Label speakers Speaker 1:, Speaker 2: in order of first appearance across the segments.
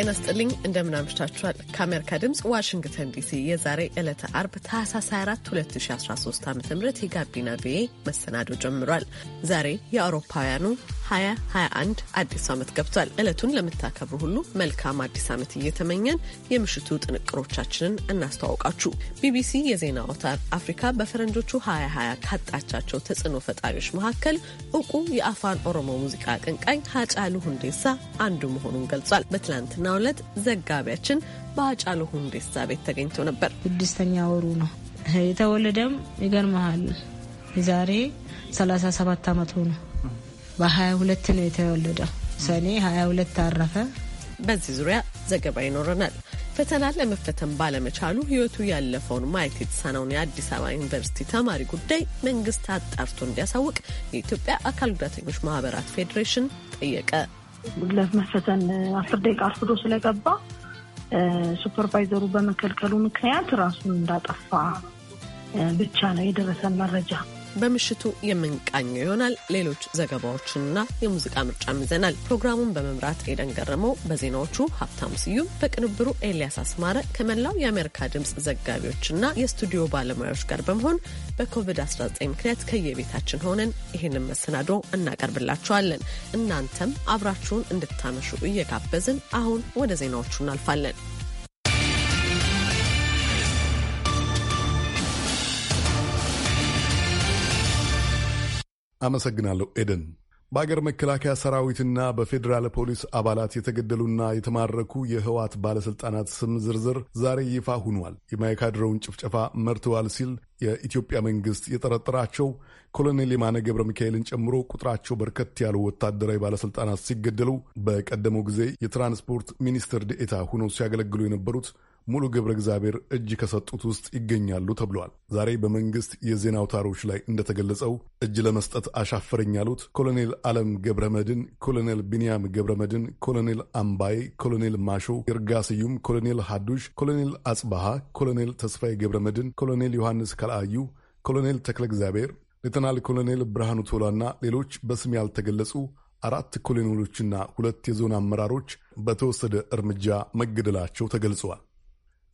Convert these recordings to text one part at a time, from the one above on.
Speaker 1: ጤና ስጥልኝ እንደምን አምሽታችኋል። ከአሜሪካ ድምፅ ዋሽንግተን ዲሲ የዛሬ ዕለተ አርብ ታህሳስ 4 2013 ዓ ም የጋቢና ቪኦኤ መሰናዶ ጀምሯል። ዛሬ የአውሮፓውያኑ 2021 አዲሱ ዓመት ገብቷል። ዕለቱን ለምታከብሩ ሁሉ መልካም አዲስ ዓመት እየተመኘን የምሽቱ ጥንቅሮቻችንን እናስተዋውቃችሁ። ቢቢሲ የዜና አውታር አፍሪካ በፈረንጆቹ 2020 ካጣቻቸው ተጽዕኖ ፈጣሪዎች መካከል እውቁ የአፋን ኦሮሞ ሙዚቃ አቀንቃኝ ሀጫሉ ሁንዴሳ አንዱ መሆኑን ገልጿል። በትላንትናው ዕለት ዘጋቢያችን በሀጫሉ ሁንዴሳ ቤት
Speaker 2: ተገኝቶ ነበር። ስድስተኛ ወሩ ነው የተወለደም ይገርመሃል የዛሬ 37 ዓመት ሆነ። በ22 ነው የተወለደው። ሰኔ 22 አረፈ።
Speaker 1: በዚህ ዙሪያ ዘገባ ይኖረናል። ፈተናን ለመፈተን ባለመቻሉ ህይወቱ ያለፈውን ማየት የተሳነውን የአዲስ አበባ ዩኒቨርሲቲ ተማሪ ጉዳይ መንግስት አጣርቶ እንዲያሳውቅ የኢትዮጵያ አካል ጉዳተኞች ማህበራት ፌዴሬሽን ጠየቀ።
Speaker 2: ለመፈተን አስር ደቂቃ አርፍዶ ስለገባ ሱፐርቫይዘሩ በመከልከሉ ምክንያት ራሱን እንዳጠፋ ብቻ ነው የደረሰን መረጃ። በምሽቱ
Speaker 1: የምንቃኘው ይሆናል። ሌሎች ዘገባዎችንና የሙዚቃ ምርጫም ይዘናል። ፕሮግራሙን በመምራት ኤደን ገረመው፣ በዜናዎቹ ሀብታም ስዩም፣ በቅንብሩ ኤልያስ አስማረ ከመላው የአሜሪካ ድምፅ ዘጋቢዎችና የስቱዲዮ ባለሙያዎች ጋር በመሆን በኮቪድ-19 ምክንያት ከየቤታችን ሆነን ይህንን መሰናዶ እናቀርብላችኋለን። እናንተም አብራችሁን እንድታመሹ እየጋበዝን አሁን ወደ ዜናዎቹ እናልፋለን።
Speaker 3: አመሰግናለሁ ኤደን። በአገር መከላከያ ሰራዊትና በፌዴራል ፖሊስ አባላት የተገደሉና የተማረኩ የህወሓት ባለሥልጣናት ስም ዝርዝር ዛሬ ይፋ ሆኗል። የማይካድረውን ጭፍጨፋ መርተዋል ሲል የኢትዮጵያ መንግሥት የጠረጠራቸው ኮሎኔል የማነ ገብረ ሚካኤልን ጨምሮ ቁጥራቸው በርከት ያሉ ወታደራዊ ባለሥልጣናት ሲገደሉ፣ በቀደመው ጊዜ የትራንስፖርት ሚኒስትር ዴኤታ ሆነው ሲያገለግሉ የነበሩት ሙሉ ገብረ እግዚአብሔር እጅ ከሰጡት ውስጥ ይገኛሉ ተብሏል። ዛሬ በመንግስት የዜና አውታሮች ላይ እንደተገለጸው እጅ ለመስጠት አሻፈረኝ ያሉት ኮሎኔል አለም ገብረ መድን፣ ኮሎኔል ቢንያም ገብረ መድን፣ ኮሎኔል አምባይ፣ ኮሎኔል ማሾ ይርጋ ስዩም፣ ኮሎኔል ሀዱሽ፣ ኮሎኔል አጽባሃ፣ ኮሎኔል ተስፋዬ ገብረ መድን፣ ኮሎኔል ዮሐንስ ከልአዩ፣ ኮሎኔል ተክለ እግዚአብሔር፣ ሌተናል ኮሎኔል ብርሃኑ ቶላና ሌሎች በስም ያልተገለጹ አራት ኮሎኔሎችና ሁለት የዞን አመራሮች በተወሰደ እርምጃ መገደላቸው ተገልጸዋል።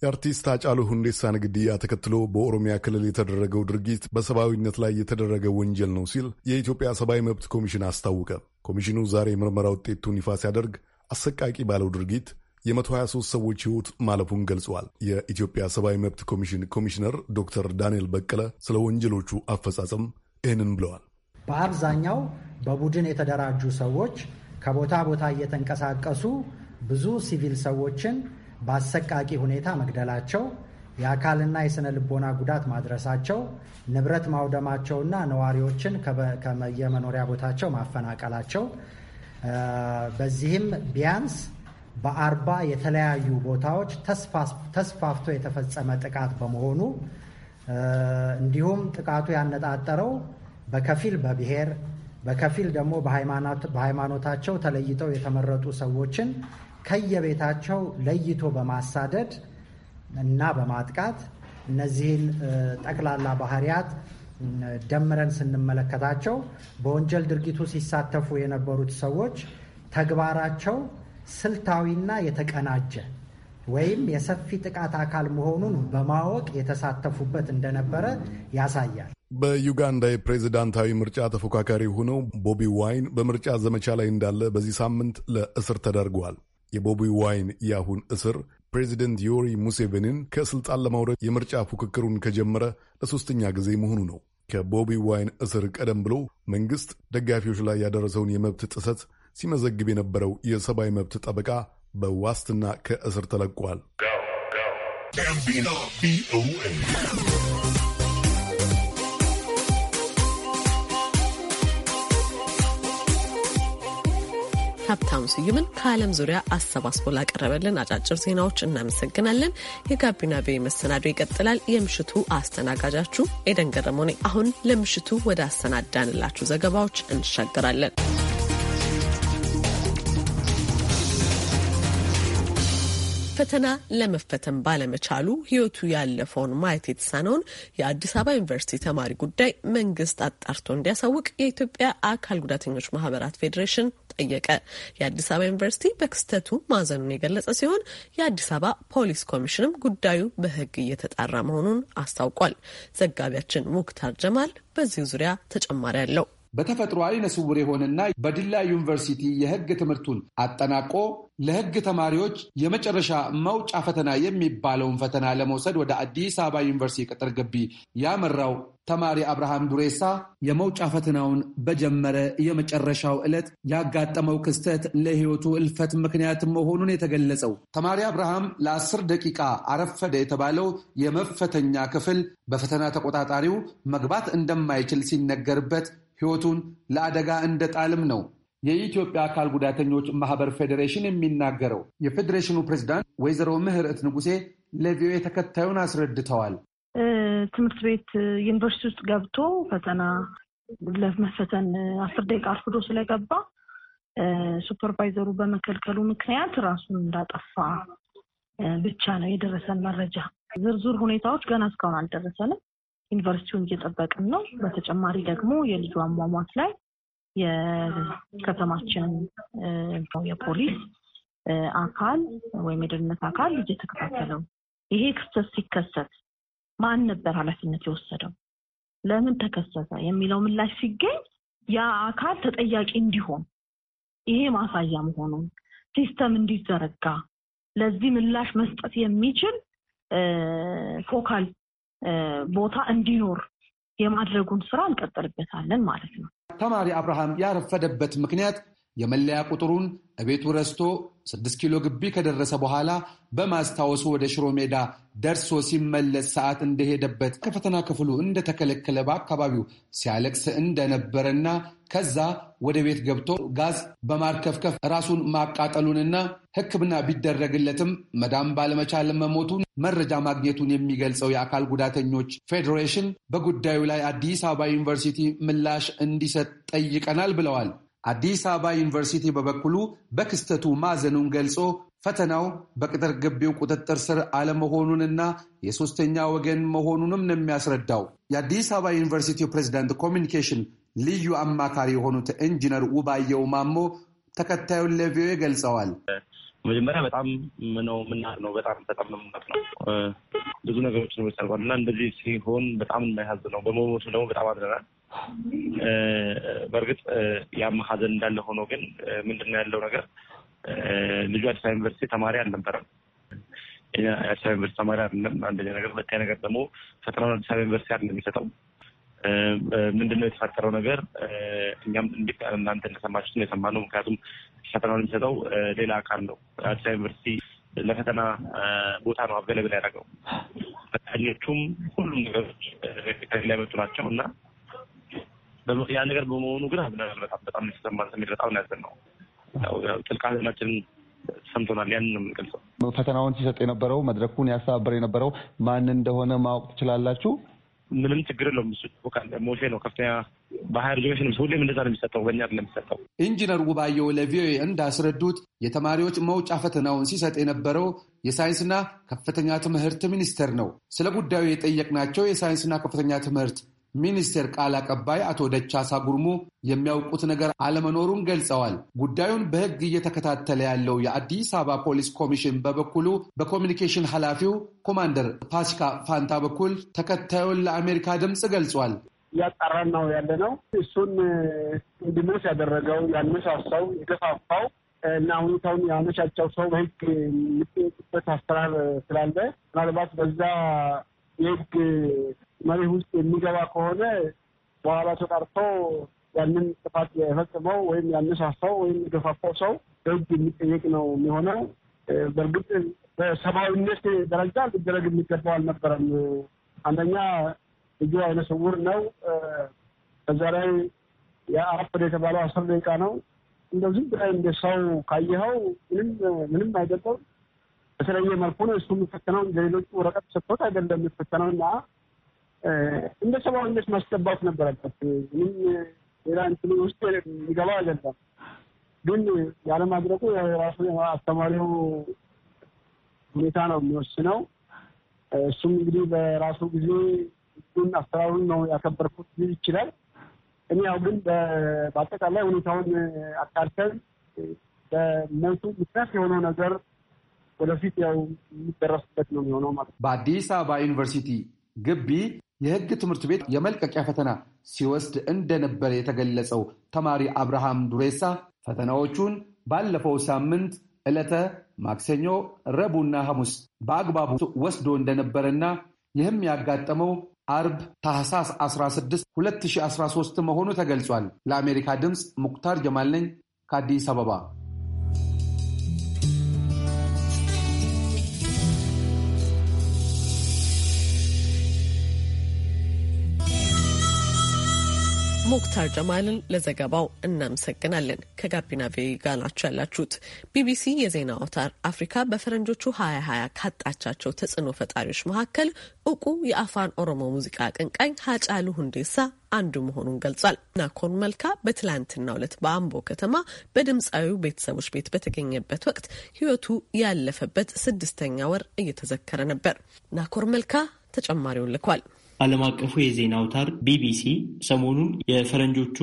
Speaker 3: የአርቲስት አጫሉ ሁንዴሳን ግድያ ተከትሎ በኦሮሚያ ክልል የተደረገው ድርጊት በሰብአዊነት ላይ የተደረገ ወንጀል ነው ሲል የኢትዮጵያ ሰብአዊ መብት ኮሚሽን አስታወቀ። ኮሚሽኑ ዛሬ የምርመራ ውጤቱን ይፋ ሲያደርግ አሰቃቂ ባለው ድርጊት የ123 ሰዎች ሕይወት ማለፉን ገልጿል። የኢትዮጵያ ሰብአዊ መብት ኮሚሽን ኮሚሽነር ዶክተር ዳንኤል በቀለ ስለ ወንጀሎቹ አፈጻጸም ይህንን ብለዋል።
Speaker 4: በአብዛኛው በቡድን የተደራጁ ሰዎች ከቦታ ቦታ እየተንቀሳቀሱ ብዙ ሲቪል ሰዎችን በአሰቃቂ ሁኔታ መግደላቸው፣ የአካልና የሥነ ልቦና ጉዳት ማድረሳቸው፣ ንብረት ማውደማቸውና ነዋሪዎችን ከየመኖሪያ ቦታቸው ማፈናቀላቸው በዚህም ቢያንስ በአርባ የተለያዩ ቦታዎች ተስፋፍቶ የተፈጸመ ጥቃት በመሆኑ እንዲሁም ጥቃቱ ያነጣጠረው በከፊል በብሔር በከፊል ደግሞ በሃይማኖታቸው ተለይተው የተመረጡ ሰዎችን ከየቤታቸው ለይቶ በማሳደድ እና በማጥቃት እነዚህን ጠቅላላ ባህሪያት ደምረን ስንመለከታቸው በወንጀል ድርጊቱ ሲሳተፉ የነበሩት ሰዎች ተግባራቸው ስልታዊና የተቀናጀ ወይም የሰፊ ጥቃት አካል መሆኑን በማወቅ የተሳተፉበት እንደነበረ ያሳያል።
Speaker 3: በዩጋንዳ የፕሬዝዳንታዊ ምርጫ ተፎካካሪ ሆነው ቦቢ ዋይን በምርጫ ዘመቻ ላይ እንዳለ በዚህ ሳምንት ለእስር ተዳርገዋል። የቦቢ ዋይን ያሁን እስር ፕሬዚደንት ዮሪ ሙሴቬኒን ከስልጣን ለማውረድ የምርጫ ፉክክሩን ከጀመረ ለሶስተኛ ጊዜ መሆኑ ነው። ከቦቢ ዋይን እስር ቀደም ብሎ መንግሥት ደጋፊዎች ላይ ያደረሰውን የመብት ጥሰት ሲመዘግብ የነበረው የሰብአዊ መብት ጠበቃ በዋስትና ከእስር ተለቋል።
Speaker 1: ሀብታሙ ስዩምን ከዓለም ዙሪያ አሰባስቦ ላቀረበልን አጫጭር ዜናዎች እናመሰግናለን። የጋቢና ቤ መሰናዶ ይቀጥላል። የምሽቱ አስተናጋጃችሁ ኤደን ገረሞኔ። አሁን ለምሽቱ ወደ አሰናዳንላችሁ ዘገባዎች እንሻገራለን። ፈተና ለመፈተን ባለመቻሉ ህይወቱ ያለፈውን ማየት የተሳነውን የአዲስ አበባ ዩኒቨርሲቲ ተማሪ ጉዳይ መንግስት አጣርቶ እንዲያሳውቅ የኢትዮጵያ አካል ጉዳተኞች ማህበራት ፌዴሬሽን ጠየቀ። የአዲስ አበባ ዩኒቨርሲቲ በክስተቱ ማዘኑን የገለጸ ሲሆን የአዲስ አበባ ፖሊስ ኮሚሽንም ጉዳዩ በህግ እየተጣራ መሆኑን አስታውቋል። ዘጋቢያችን ሙክታር ጀማል በዚሁ ዙሪያ
Speaker 5: ተጨማሪ አለው። በተፈጥሮ አይነ ስውር የሆነና በዲላ ዩኒቨርሲቲ የህግ ትምህርቱን አጠናቆ ለህግ ተማሪዎች የመጨረሻ መውጫ ፈተና የሚባለውን ፈተና ለመውሰድ ወደ አዲስ አበባ ዩኒቨርሲቲ ቅጥር ግቢ ያመራው ተማሪ አብርሃም ዱሬሳ የመውጫ ፈተናውን በጀመረ የመጨረሻው ዕለት ያጋጠመው ክስተት ለህይወቱ እልፈት ምክንያት መሆኑን የተገለጸው ተማሪ አብርሃም ለአስር ደቂቃ አረፈደ የተባለው የመፈተኛ ክፍል በፈተና ተቆጣጣሪው መግባት እንደማይችል ሲነገርበት ሕይወቱን ለአደጋ እንደጣልም ነው የኢትዮጵያ አካል ጉዳተኞች ማህበር ፌዴሬሽን የሚናገረው። የፌዴሬሽኑ ፕሬዚዳንት ወይዘሮ ምህረት ንጉሴ ለቪኦኤ ተከታዩን አስረድተዋል።
Speaker 2: ትምህርት ቤት ዩኒቨርሲቲ ውስጥ ገብቶ ፈተና ለመፈተን አስር ደቂቃ አርፍዶ ስለገባ ሱፐርቫይዘሩ በመከልከሉ ምክንያት ራሱን እንዳጠፋ ብቻ ነው የደረሰን መረጃ። ዝርዝር ሁኔታዎች ገና እስካሁን አልደረሰንም። ዩኒቨርሲቲውን እየጠበቅን ነው። በተጨማሪ ደግሞ የልጁ አሟሟት ላይ የከተማችን የፖሊስ አካል ወይም የደህንነት አካል እየተከታተለው ይሄ ክስተት ሲከሰት ማን ነበር ኃላፊነት የወሰደው ለምን ተከሰተ የሚለው ምላሽ ሲገኝ ያ አካል ተጠያቂ እንዲሆን ይሄ ማሳያ መሆኑን ሲስተም እንዲዘረጋ ለዚህ ምላሽ መስጠት የሚችል ፎካል ቦታ እንዲኖር የማድረጉን ስራ እንቀጥልበታለን
Speaker 5: ማለት ነው። ተማሪ አብርሃም ያረፈደበት ምክንያት የመለያ ቁጥሩን እቤቱ ረስቶ ስድስት ኪሎ ግቢ ከደረሰ በኋላ በማስታወሱ ወደ ሽሮ ሜዳ ደርሶ ሲመለስ ሰዓት እንደሄደበት ከፈተና ክፍሉ እንደተከለከለ በአካባቢው ሲያለቅስ እንደነበረና ከዛ ወደ ቤት ገብቶ ጋዝ በማርከፍከፍ ራሱን ማቃጠሉንና ሕክምና ቢደረግለትም መዳም ባለመቻል መሞቱን መረጃ ማግኘቱን የሚገልጸው የአካል ጉዳተኞች ፌዴሬሽን በጉዳዩ ላይ አዲስ አበባ ዩኒቨርሲቲ ምላሽ እንዲሰጥ ጠይቀናል ብለዋል። አዲስ አበባ ዩኒቨርሲቲ በበኩሉ በክስተቱ ማዘኑን ገልጾ ፈተናው በቅጥር ግቢው ቁጥጥር ስር አለመሆኑንና የሶስተኛ ወገን መሆኑንም ነው የሚያስረዳው። የአዲስ አበባ ዩኒቨርሲቲ ፕሬዚዳንት ኮሚኒኬሽን ልዩ አማካሪ የሆኑት ኢንጂነር ውባየው ማሞ ተከታዩን ለቪኦኤ ገልጸዋል። መጀመሪያ በጣም ምነው ምናር ነው በጣም በጣም መምናት ነው ብዙ ነገሮች ነው እና እንደዚህ ሲሆን በጣም እናያዝ ነው። በመሞቱ ደግሞ በጣም አድረናል በእርግጥ ያም እንዳለ ሆኖ ግን ምንድነው ያለው ነገር ልጁ አዲስ አበባ ዩኒቨርሲቲ ተማሪ አልነበረም። አዲስ አበባ ዩኒቨርሲቲ ተማሪ አይደለም። አንደኛ ነገር፣ ሁለተኛ ነገር ደግሞ ፈተናውን አዲስ አበባ ዩኒቨርሲቲ አይደለም የሚሰጠው። ምንድነው የተፈጠረው ነገር እኛም እንዲ እናንተ እንደሰማችሁት ነው የሰማነው። ምክንያቱም ፈተናውን የሚሰጠው ሌላ አካል ነው። አዲስ አበባ ዩኒቨርሲቲ ለፈተና ቦታ ነው አቬለብል ያደረገው። ፈታኞቹም ሁሉም ነገሮች ከሌላ የመጡ ናቸው እና ያ ነገር በመሆኑ ግን በጣም የተሰማን ስሜት በጣም ያዘን ነው። ጥልቅ ሐዘናችን ሰምቶናል። ያንን ነው የምንገልጸው። ፈተናውን ሲሰጥ የነበረው መድረኩን ያስተባበር የነበረው ማን እንደሆነ ማወቅ ትችላላችሁ? ምንም ችግር የለውም። እሱ ሞሴ ነው ከፍተኛ ባህር ልጆች ነው። ሁሌም እንደዛ ነው የሚሰጠው፣ በእኛ የሚሰጠው። ኢንጂነር ጉባኤው ለቪኦኤ እንዳስረዱት የተማሪዎች መውጫ ፈተናውን ሲሰጥ የነበረው የሳይንስና ከፍተኛ ትምህርት ሚኒስቴር ነው። ስለ ጉዳዩ የጠየቅናቸው የሳይንስና ከፍተኛ ትምህርት ሚኒስቴር ቃል አቀባይ አቶ ደቻሳ ጉርሙ የሚያውቁት ነገር አለመኖሩን ገልጸዋል። ጉዳዩን በሕግ እየተከታተለ ያለው የአዲስ አበባ ፖሊስ ኮሚሽን በበኩሉ በኮሚኒኬሽን ኃላፊው ኮማንደር ፓሲካ ፋንታ በኩል ተከታዩን ለአሜሪካ ድምፅ ገልጿል። እያጣራን ነው ያለ ነው።
Speaker 6: እሱን እንዲመስ ያደረገው ያነሳሳው፣ የገፋፋው እና ሁኔታውን ያመቻቸው ሰው በሕግ የሚጠየቅበት አሰራር ስላለ ምናልባት በዛ የህግ መሪ ውስጥ የሚገባ ከሆነ በኋላ ተጣርቶ ያንን ጥፋት የፈጽመው ወይም ያነሳሳው ወይም የገፋፋው ሰው በህግ የሚጠየቅ ነው የሚሆነው። በእርግጥ በሰብአዊነት ደረጃ ሊደረግ የሚገባው አልነበረም። አንደኛ ልጁ አይነ ስውር ነው። በዛ ላይ የአራት የተባለው አስር ደቂቃ ነው። እንደዚህ ብላይ እንደ ሰው ካየኸው ምንም ምንም አይገባም። በተለየ መልኩ ነው እሱ የሚፈተነው። ለሌሎቹ ወረቀት ሰጥቶት አይደለም የሚፈተነው እና እንደ ሰብአዊነት ማስገባት ነበረበት። ምንም ሌላ እንትን ውስጥ የሚገባ አይደለም። ግን ያለማድረጉ የራሱ አስተማሪው ሁኔታ ነው የሚወስነው። እሱም እንግዲህ በራሱ ጊዜ እሱን አሰራሩን ነው ያከበርኩት ሊል ይችላል። እኔ ያው ግን በአጠቃላይ ሁኔታውን አካርተን በሞቱ ምክንያት የሆነው ነገር ወደፊት ያው የሚደረስበት ነው የሚሆነው ማለት ነው። በአዲስ
Speaker 5: አበባ ዩኒቨርሲቲ ግቢ የህግ ትምህርት ቤት የመልቀቂያ ፈተና ሲወስድ እንደነበር የተገለጸው ተማሪ አብርሃም ዱሬሳ ፈተናዎቹን ባለፈው ሳምንት ዕለተ ማክሰኞ፣ ረቡዕና ሐሙስ በአግባቡ ወስዶ እንደነበረና ይህም ያጋጠመው አርብ ታህሳስ 16 2013 መሆኑ ተገልጿል። ለአሜሪካ ድምፅ ሙክታር ጀማል ነኝ ከአዲስ አበባ።
Speaker 1: ሙክታር ጀማልን ለዘገባው እናመሰግናለን። ከጋቢና ቪኦኤ ጋር ናቸው ያላችሁት። ቢቢሲ የዜና አውታር አፍሪካ በፈረንጆቹ 2020 ካጣቻቸው ተጽዕኖ ፈጣሪዎች መካከል እውቁ የአፋን ኦሮሞ ሙዚቃ አቀንቃኝ ሀጫሉ ሁንዴሳ አንዱ መሆኑን ገልጿል። ናኮር መልካ በትላንትናው ዕለት በአምቦ ከተማ በድምፃዊው ቤተሰቦች ቤት በተገኘበት ወቅት ሕይወቱ ያለፈበት ስድስተኛ ወር እየተዘከረ ነበር። ናኮር መልካ
Speaker 7: ተጨማሪውን ልኳል። ዓለም አቀፉ የዜና አውታር ቢቢሲ ሰሞኑን የፈረንጆቹ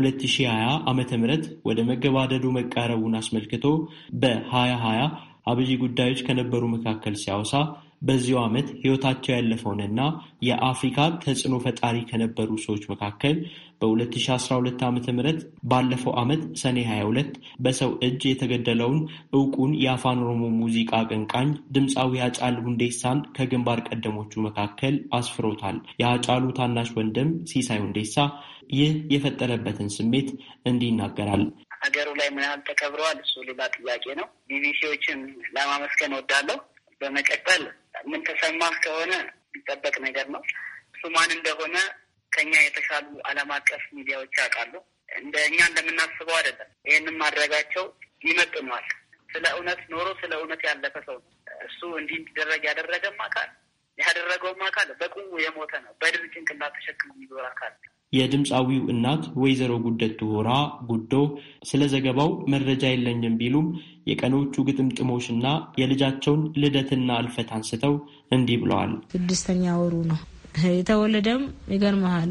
Speaker 7: 2020 ዓ ምህረት ወደ መገባደዱ መቃረቡን አስመልክቶ በ2020 አብይ ጉዳዮች ከነበሩ መካከል ሲያወሳ በዚሁ ዓመት ሕይወታቸው ያለፈውንና የአፍሪካ ተጽዕኖ ፈጣሪ ከነበሩ ሰዎች መካከል በ2012 ዓ ም ባለፈው ዓመት ሰኔ 22 በሰው እጅ የተገደለውን እውቁን የአፋን ኦሮሞ ሙዚቃ አቀንቃኝ ድምፃዊ አጫል ሁንዴሳን ከግንባር ቀደሞቹ መካከል አስፍሮታል። የአጫሉ ታናሽ ወንድም ሲሳይ ሁንዴሳ ይህ የፈጠረበትን ስሜት እንዲህ ይናገራል።
Speaker 6: ሀገሩ ላይ ምን ያህል ተከብረዋል፣ እሱ ሌላ ጥያቄ
Speaker 8: ነው። ቢቢሲዎችን ለማመስገን ወዳለሁ በመቀጠል ምን ተሰማህ ከሆነ የሚጠበቅ ነገር ነው። እሱ ማን እንደሆነ ከኛ የተሻሉ ዓለም አቀፍ ሚዲያዎች ያውቃሉ። እንደ እኛ እንደምናስበው አይደለም። ይህንም ማድረጋቸው ይመጥኗል። ስለ እውነት ኖሮ ስለ እውነት ያለፈ ሰው ነው እሱ። እንዲህ እንዲደረግ ያደረገም አካል
Speaker 9: ያደረገውም አካል በቁሙ የሞተ ነው። በድር ጭንቅላት ተሸክሞ የሚዞር አካል
Speaker 7: የድምፃዊው እናት ወይዘሮ ጉደት ሆራ ጉዶ ስለ ዘገባው መረጃ የለኝም ቢሉም የቀኖቹ ግጥምጥሞሽና የልጃቸውን ልደትና እልፈት አንስተው እንዲህ ብለዋል።
Speaker 2: ስድስተኛ ወሩ ነው የተወለደም ይገርመሃል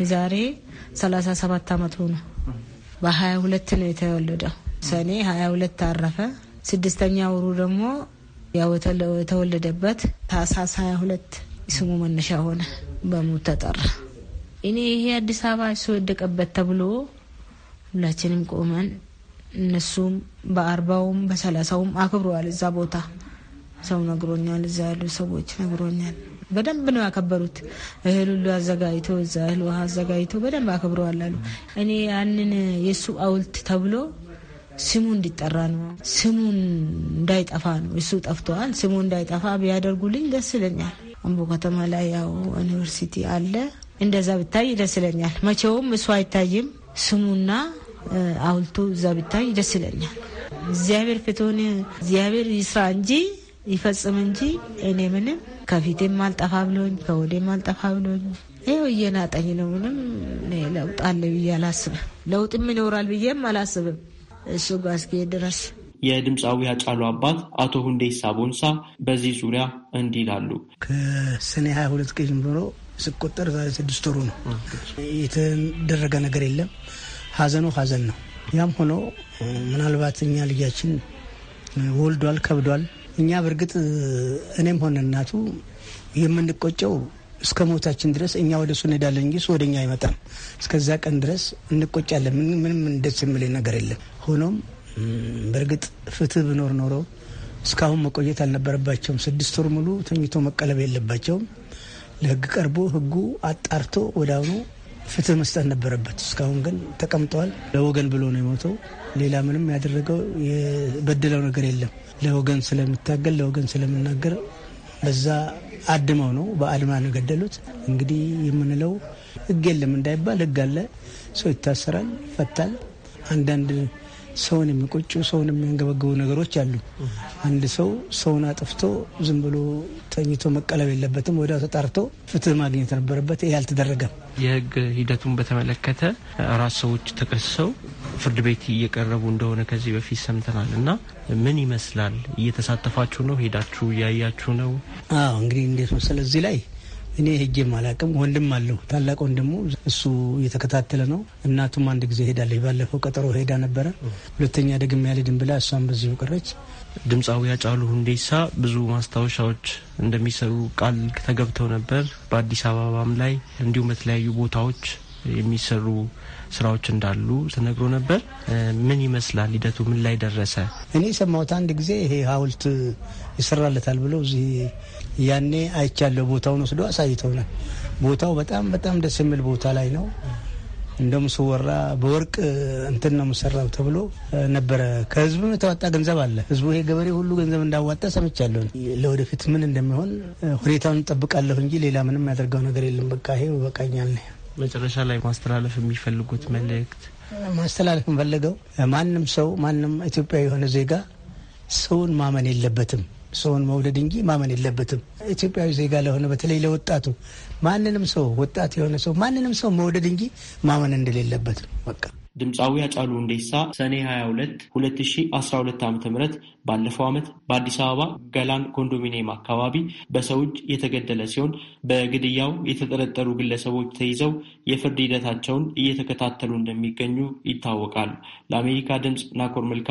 Speaker 2: የዛሬ 37 አመቱ ነው የተወለደው። ሰኔ 22 አረፈ። ስድስተኛ ወሩ ደግሞ ያው የተወለደበት ታህሳስ 22 ስሙ መነሻ ሆነ። በሞት ተጠራ። እኔ ይሄ አዲስ አበባ እሱ ወደቀበት ተብሎ ሁላችንም ቆመን እነሱም በአርባውም በሰላሳውም አክብረዋል። እዛ ቦታ ሰው ነግሮኛል። እዛ ያሉ ሰዎች ነግሮኛል። በደንብ ነው ያከበሩት። እህል ሁሉ አዘጋጅቶ እዛ እህል ውሃ አዘጋጅቶ በደንብ አክብረዋል አሉ። እኔ ያንን የእሱ አውልት ተብሎ ስሙ እንዲጠራ ነው፣ ስሙ እንዳይጠፋ ነው። እሱ ጠፍተዋል። ስሙ እንዳይጠፋ ቢያደርጉልኝ ደስ ይለኛል። አምቦ ከተማ ላይ ያው ዩኒቨርሲቲ አለ፣ እንደዛ ብታይ ደስ ይለኛል። መቼውም እሱ አይታይም። ስሙና አውልቱ እዛ ብታይ ደስ ይለኛል። እግዚአብሔር ፍትሆን እግዚአብሔር ይስራ እንጂ ይፈጽም እንጂ እኔ ምንም ከፊቴም አልጠፋ ብሎኝ ከወዴም አልጠፋ ብሎኝ ይኸው እየናጠኝ ነው። ምንም ለውጥ አለ ብዬ አላስብም። ለውጥም ይኖራል ብዬም አላስብም እሱ ጋር እስኪሄድ ድረስ።
Speaker 7: የድምፃዊ አጫሉ አባት አቶ ሁንዴሳ ቦንሳ በዚህ ዙሪያ እንዲህ ይላሉ።
Speaker 8: ከሰኔ ሀያ ሁለት ቀን ጀምሮ ስቆጠር ዛሬ ስድስት ወሩ ነው። የተደረገ ነገር የለም። ሀዘኑ ሀዘን ነው። ያም ሆኖ ምናልባት እኛ ልጃችን ወልዷል ከብዷል እኛ በእርግጥ እኔም ሆነ እናቱ የምንቆጨው እስከ ሞታችን ድረስ እኛ ወደ እሱ እንሄዳለን እንጂ እሱ ወደ እኛ አይመጣም። እስከዛ ቀን ድረስ እንቆጫለን። ምንም ደስ የሚለኝ ነገር የለም። ሆኖም በእርግጥ ፍትህ ብኖር ኖሮ እስካሁን መቆየት አልነበረባቸውም። ስድስት ወር ሙሉ ተኝቶ መቀለብ የለባቸውም። ለህግ ቀርቦ ህጉ አጣርቶ ወደ አሁኑ ፍትህ መስጠት ነበረበት። እስካሁን ግን ተቀምጠዋል። ለወገን ብሎ ነው የሞተው። ሌላ ምንም ያደረገው የበደለው ነገር የለም። ለወገን ስለምታገል ለወገን ስለምናገር በዛ አድመው ነው በአድማ ነው የገደሉት። እንግዲህ የምንለው ህግ የለም እንዳይባል ህግ አለ። ሰው ይታሰራል፣ ይፈታል። አንዳንድ ሰውን የሚቆጩ ሰውን የሚያንገበግቡ ነገሮች አሉ። አንድ ሰው ሰውን አጥፍቶ ዝም ብሎ ተኝቶ መቀለብ የለበትም። ወዲያው ተጣርቶ ፍትህ ማግኘት ነበረበት። ይህ አልተደረገም።
Speaker 7: የህግ ሂደቱን በተመለከተ አራት ሰዎች ተከስሰው ፍርድ ቤት እየቀረቡ እንደሆነ ከዚህ በፊት ሰምተናል እና ምን ይመስላል? እየተሳተፋችሁ ነው? ሄዳችሁ እያያችሁ ነው? አዎ እንግዲህ እንዴት
Speaker 8: መሰለ እዚህ ላይ እኔ ሄጄም አላቅም። ወንድም አለው ታላቅ ወንድሙ እሱ እየተከታተለ ነው። እናቱም አንድ ጊዜ ሄዳለች። ባለፈው ቀጠሮ ሄዳ ነበረ። ሁለተኛ ያለ አልሄድም ብላ እሷም በዚሁ
Speaker 7: ቀረች። ድምፃዊ ሃጫሉ ሁንዴሳ ብዙ ማስታወሻዎች እንደሚሰሩ ቃል ተገብተው ነበር። በአዲስ አበባም ላይ እንዲሁም በተለያዩ ቦታዎች የሚሰሩ ስራዎች እንዳሉ ተነግሮ ነበር። ምን ይመስላል ሂደቱ? ምን ላይ ደረሰ? እኔ
Speaker 8: የሰማሁት አንድ ጊዜ ይሄ ሀውልት ይሰራለታል ብለው እዚህ ያኔ አይቻለሁ። ቦታውን ወስዶ አሳይተውናል። ቦታው በጣም በጣም ደስ የሚል ቦታ ላይ ነው። እንደም ስወራ በወርቅ እንትን ነው የምሰራው ተብሎ ነበረ። ከህዝብ የተዋጣ ገንዘብ አለ። ህዝቡ ይሄ ገበሬ ሁሉ ገንዘብ እንዳዋጣ ሰምቻለሁ። ለወደፊት ምን እንደሚሆን ሁኔታውን እንጠብቃለሁ እንጂ ሌላ ምንም ያደርገው ነገር የለም። በቃ ይሄ ይበቃኛል።
Speaker 7: መጨረሻ ላይ ማስተላለፍ የሚፈልጉት መልእክት
Speaker 8: ማስተላለፍ የምፈልገው ማንም ሰው ማንም ኢትዮጵያ የሆነ ዜጋ ሰውን ማመን የለበትም። ሰውን መውደድ እንጂ ማመን የለበትም። ኢትዮጵያዊ ዜጋ ለሆነ በተለይ ለወጣቱ ማንንም ሰው ወጣት የሆነ ሰው ማንንም ሰው መውደድ እንጂ ማመን እንደሌለበትም በቃ።
Speaker 7: ድምፃዊ አጫሉ ሁንዴሳ ሰኔ 22 2012 ዓ ም ባለፈው ዓመት በአዲስ አበባ ገላን ኮንዶሚኒየም አካባቢ በሰው እጅ የተገደለ ሲሆን በግድያው የተጠረጠሩ ግለሰቦች ተይዘው የፍርድ ሂደታቸውን እየተከታተሉ እንደሚገኙ ይታወቃል። ለአሜሪካ ድምፅ ናኮር መልካ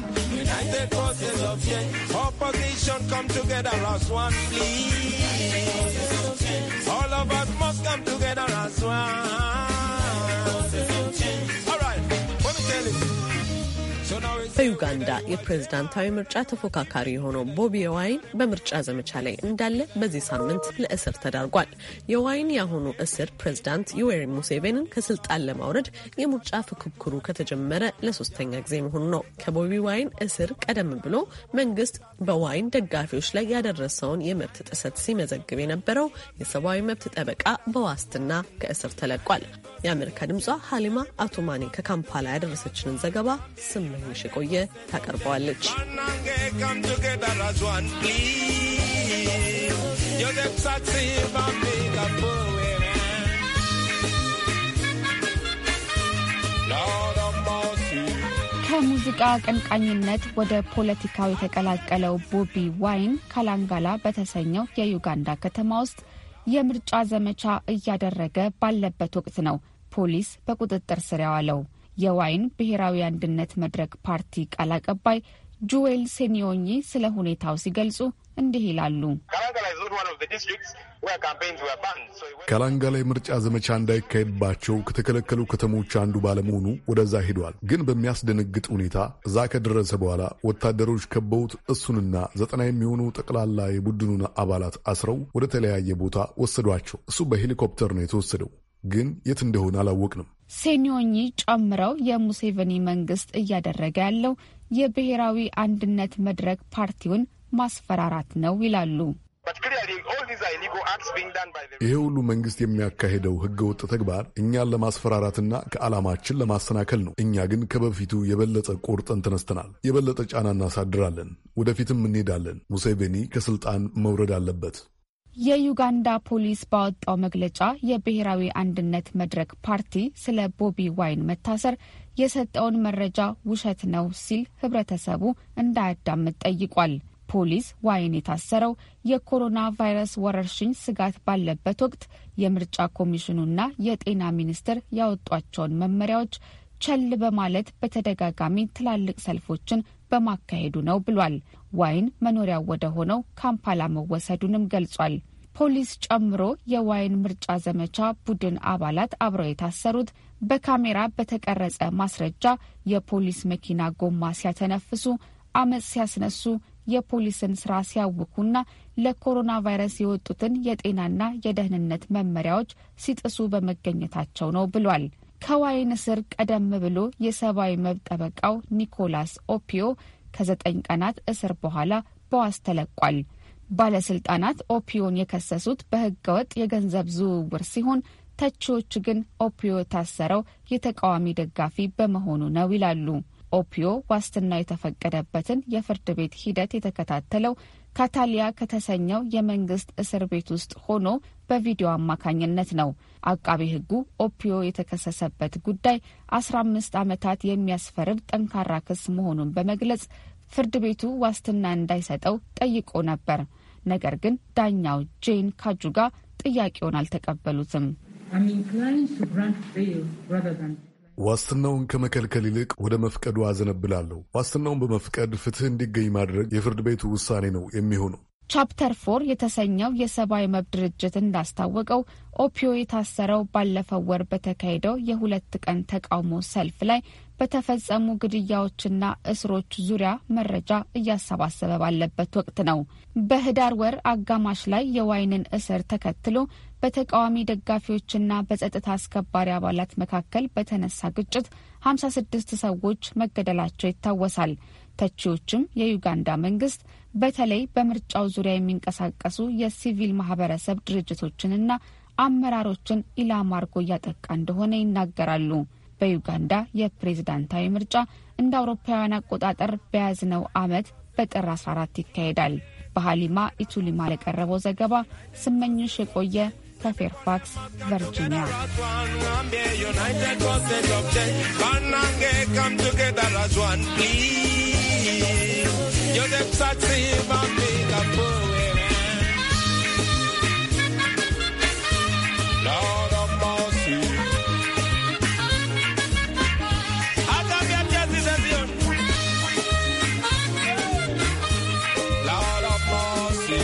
Speaker 10: causes of change. Opposition come together as one, please. All of us must come together as one.
Speaker 1: በዩጋንዳ የፕሬዝዳንታዊ ምርጫ ተፎካካሪ የሆነው ቦቢ የዋይን በምርጫ ዘመቻ ላይ እንዳለ በዚህ ሳምንት ለእስር ተዳርጓል። የዋይን የአሁኑ እስር ፕሬዝዳንት ዩዌሪ ሙሴቬንን ከስልጣን ለማውረድ የምርጫ ፍክክሩ ከተጀመረ ለሶስተኛ ጊዜ መሆኑ ነው። ከቦቢ ዋይን እስር ቀደም ብሎ መንግስት በዋይን ደጋፊዎች ላይ ያደረሰውን የመብት ጥሰት ሲመዘግብ የነበረው የሰብአዊ መብት ጠበቃ በዋስትና ከእስር ተለቋል። የአሜሪካ ድምጿ ሀሊማ አቶማኒ ከካምፓላ ያደረሰችንን ዘገባ ስምንሽ እንደቆየ ታቀርበዋለች።
Speaker 11: ከሙዚቃ አቀንቃኝነት ወደ ፖለቲካው የተቀላቀለው ቦቢ ዋይን ካላንጋላ በተሰኘው የዩጋንዳ ከተማ ውስጥ የምርጫ ዘመቻ እያደረገ ባለበት ወቅት ነው ፖሊስ በቁጥጥር ስር ያዋለው። የዋይን ብሔራዊ አንድነት መድረክ ፓርቲ ቃል አቀባይ ጁዌል ሴኒዮኚ ስለ ሁኔታው ሲገልጹ እንዲህ ይላሉ።
Speaker 3: ካላንጋ ምርጫ ዘመቻ እንዳይካሄድባቸው ከተከለከሉ ከተሞች አንዱ ባለመሆኑ ወደዛ ሄዷል። ግን በሚያስደነግጥ ሁኔታ እዛ ከደረሰ በኋላ ወታደሮች ከበውት እሱንና ዘጠና የሚሆኑ ጠቅላላ የቡድኑን አባላት አስረው ወደ ተለያየ ቦታ ወሰዷቸው። እሱ በሄሊኮፕተር ነው የተወሰደው፣ ግን የት እንደሆነ አላወቅንም።
Speaker 11: ሴኒዮኒ ጨምረው የሙሴቬኒ መንግስት እያደረገ ያለው የብሔራዊ አንድነት መድረክ ፓርቲውን ማስፈራራት ነው ይላሉ።
Speaker 3: ይሄ ሁሉ መንግስት የሚያካሄደው ህገወጥ ተግባር እኛን ለማስፈራራትና ከዓላማችን ለማሰናከል ነው። እኛ ግን ከበፊቱ የበለጠ ቆርጠን ተነስተናል። የበለጠ ጫና እናሳድራለን። ወደፊትም እንሄዳለን። ሙሴቬኒ ከስልጣን መውረድ አለበት።
Speaker 11: የዩጋንዳ ፖሊስ ባወጣው መግለጫ የብሔራዊ አንድነት መድረክ ፓርቲ ስለ ቦቢ ዋይን መታሰር የሰጠውን መረጃ ውሸት ነው ሲል ህብረተሰቡ እንዳያዳምጥ ጠይቋል። ፖሊስ ዋይን የታሰረው የኮሮና ቫይረስ ወረርሽኝ ስጋት ባለበት ወቅት የምርጫ ኮሚሽኑና የጤና ሚኒስቴር ያወጧቸውን መመሪያዎች ቸል በማለት በተደጋጋሚ ትላልቅ ሰልፎችን በማካሄዱ ነው ብሏል። ዋይን መኖሪያው ወደ ሆነው ካምፓላ መወሰዱንም ገልጿል። ፖሊስ ጨምሮ የዋይን ምርጫ ዘመቻ ቡድን አባላት አብረው የታሰሩት በካሜራ በተቀረጸ ማስረጃ የፖሊስ መኪና ጎማ ሲያተነፍሱ፣ አመፅ ሲያስነሱ፣ የፖሊስን ስራ ሲያውኩና ለኮሮና ቫይረስ የወጡትን የጤናና የደህንነት መመሪያዎች ሲጥሱ በመገኘታቸው ነው ብሏል። ከዋይን ንስር ቀደም ብሎ የሰብአዊ መብት ጠበቃው ኒኮላስ ኦፒዮ ከዘጠኝ ቀናት እስር በኋላ በዋስ ተለቋል። ባለስልጣናት ኦፒዮን የከሰሱት በህገወጥ የገንዘብ ዝውውር ሲሆን ተቺዎች ግን ኦፒዮ ታሰረው የተቃዋሚ ደጋፊ በመሆኑ ነው ይላሉ። ኦፒዮ ዋስትና የተፈቀደበትን የፍርድ ቤት ሂደት የተከታተለው ካታሊያ ከተሰኘው የመንግስት እስር ቤት ውስጥ ሆኖ በቪዲዮ አማካኝነት ነው። አቃቤ ሕጉ ኦፒዮ የተከሰሰበት ጉዳይ አስራ አምስት ዓመታት የሚያስፈርድ ጠንካራ ክስ መሆኑን በመግለጽ ፍርድ ቤቱ ዋስትና እንዳይሰጠው ጠይቆ ነበር። ነገር ግን ዳኛው ጄን ካጁጋ ጥያቄውን አልተቀበሉትም።
Speaker 3: ዋስትናውን ከመከልከል ይልቅ ወደ መፍቀዱ አዘነብላለሁ። ዋስትናውን በመፍቀድ ፍትህ እንዲገኝ ማድረግ የፍርድ ቤቱ ውሳኔ ነው የሚሆነው።
Speaker 11: ቻፕተር ፎር የተሰኘው የሰብአዊ መብት ድርጅት እንዳስታወቀው ኦፒዮ የታሰረው ባለፈው ወር በተካሄደው የሁለት ቀን ተቃውሞ ሰልፍ ላይ በተፈጸሙ ግድያዎችና እስሮች ዙሪያ መረጃ እያሰባሰበ ባለበት ወቅት ነው። በህዳር ወር አጋማሽ ላይ የዋይንን እስር ተከትሎ በተቃዋሚ ደጋፊዎችና በጸጥታ አስከባሪ አባላት መካከል በተነሳ ግጭት 56 ሰዎች መገደላቸው ይታወሳል። ተቺዎችም የዩጋንዳ መንግስት በተለይ በምርጫው ዙሪያ የሚንቀሳቀሱ የሲቪል ማህበረሰብ ድርጅቶችንና አመራሮችን ኢላማ አርጎ እያጠቃ እንደሆነ ይናገራሉ። በዩጋንዳ የፕሬዝዳንታዊ ምርጫ እንደ አውሮፓውያን አቆጣጠር በያዝነው ዓመት በጥር 14 ይካሄዳል። በሀሊማ ኢቱሊማ ለቀረበው ዘገባ ስመኝሽ የቆየ ከፌርፋክስ ቨርጂኒያ።
Speaker 10: yo de psativa mega poera Lord of mercy Adam ya tiasi sesión Lord of mercy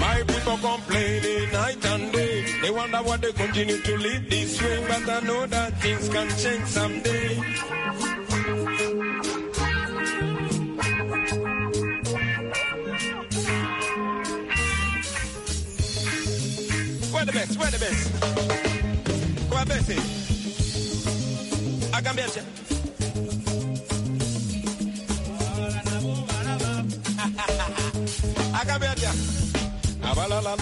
Speaker 10: My people complaining night and day They wonder why they continue to live this way But I know that things can change someday
Speaker 12: the best, we're the best.
Speaker 10: Kwa besi. Akambia cha. Abalala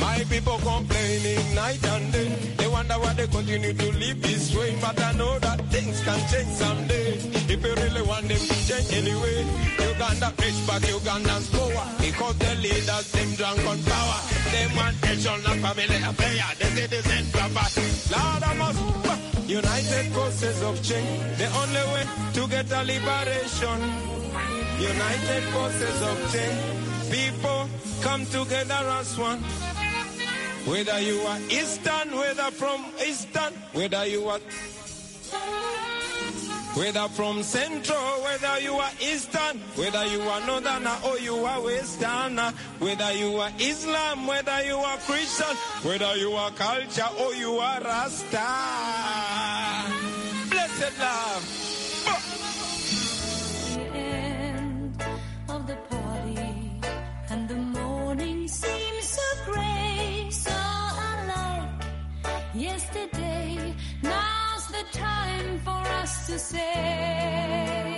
Speaker 10: My people complaining night and day. They wonder why they continue to live this way, but I know Things can change someday. If you really want them to change anyway. Uganda rich back Ugandan's power Because the leaders them drunk on power. They want nation and family affair. The citizen proper. Lord I must United forces of change. The only way to get a liberation. United forces of change. People come together as one.
Speaker 9: Whether you are
Speaker 10: Eastern, whether from Eastern, whether you are whether from Central, whether you are Eastern, whether you are Northern or you are Western, whether you are Islam, whether you are Christian, whether you are culture or you are Rasta. Blessed love.
Speaker 9: The end of the party and the morning sun. to say.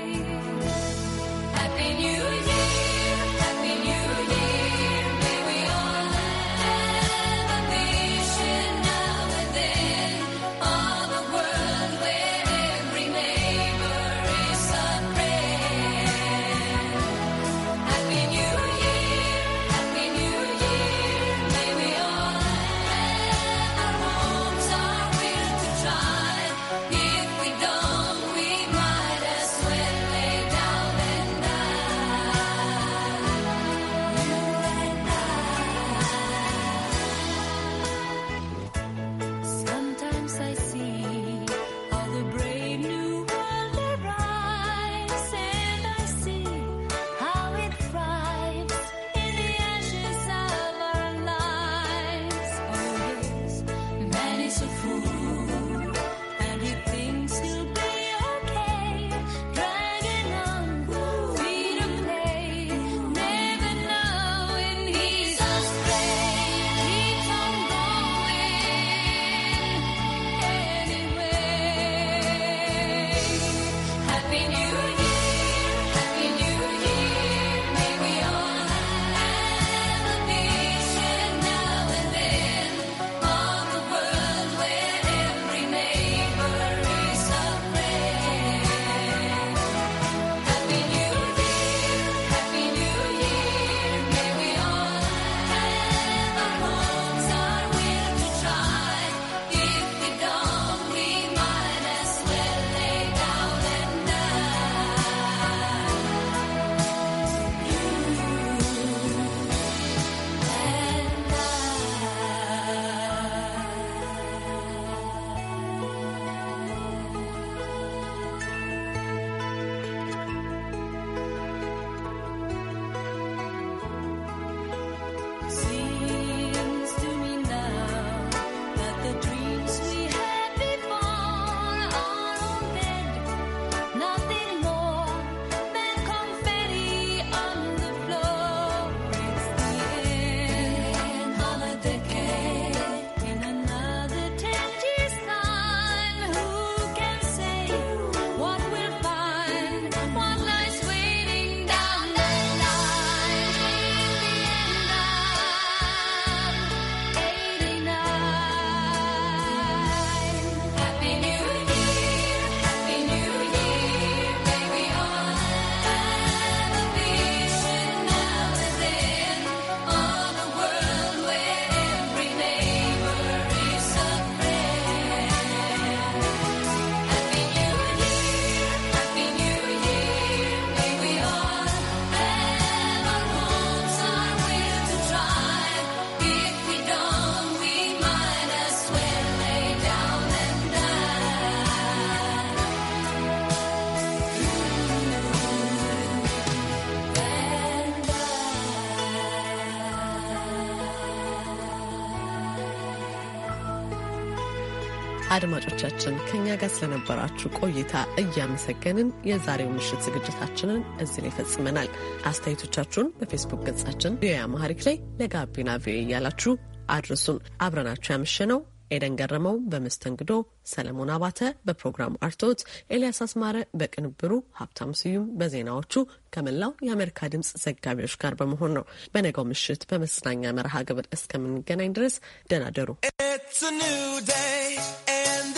Speaker 1: አድማጮቻችን ከእኛ ጋር ስለነበራችሁ ቆይታ እያመሰገንን የዛሬው ምሽት ዝግጅታችንን እዚህ ላይ ፈጽመናል። አስተያየቶቻችሁን በፌስቡክ ገጻችን ቪኦኤ አማሪክ ላይ ለጋቢና ቪኦኤ እያላችሁ አድርሱን። አብረናችሁ ያመሸነው ኤደን ገረመው በመስተንግዶ፣ ሰለሞን አባተ በፕሮግራሙ አርቶት፣ ኤልያስ አስማረ በቅንብሩ፣ ሀብታም ስዩም በዜናዎቹ ከመላው የአሜሪካ ድምፅ ዘጋቢዎች ጋር በመሆን ነው። በነገው ምሽት በመዝናኛ መርሃ ግብር እስከምንገናኝ ድረስ ደህና ደሩ።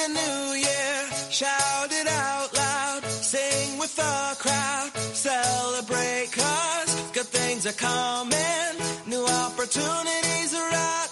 Speaker 12: the new year, shout it out loud, sing with the crowd, celebrate cause good things are coming, new opportunities are out.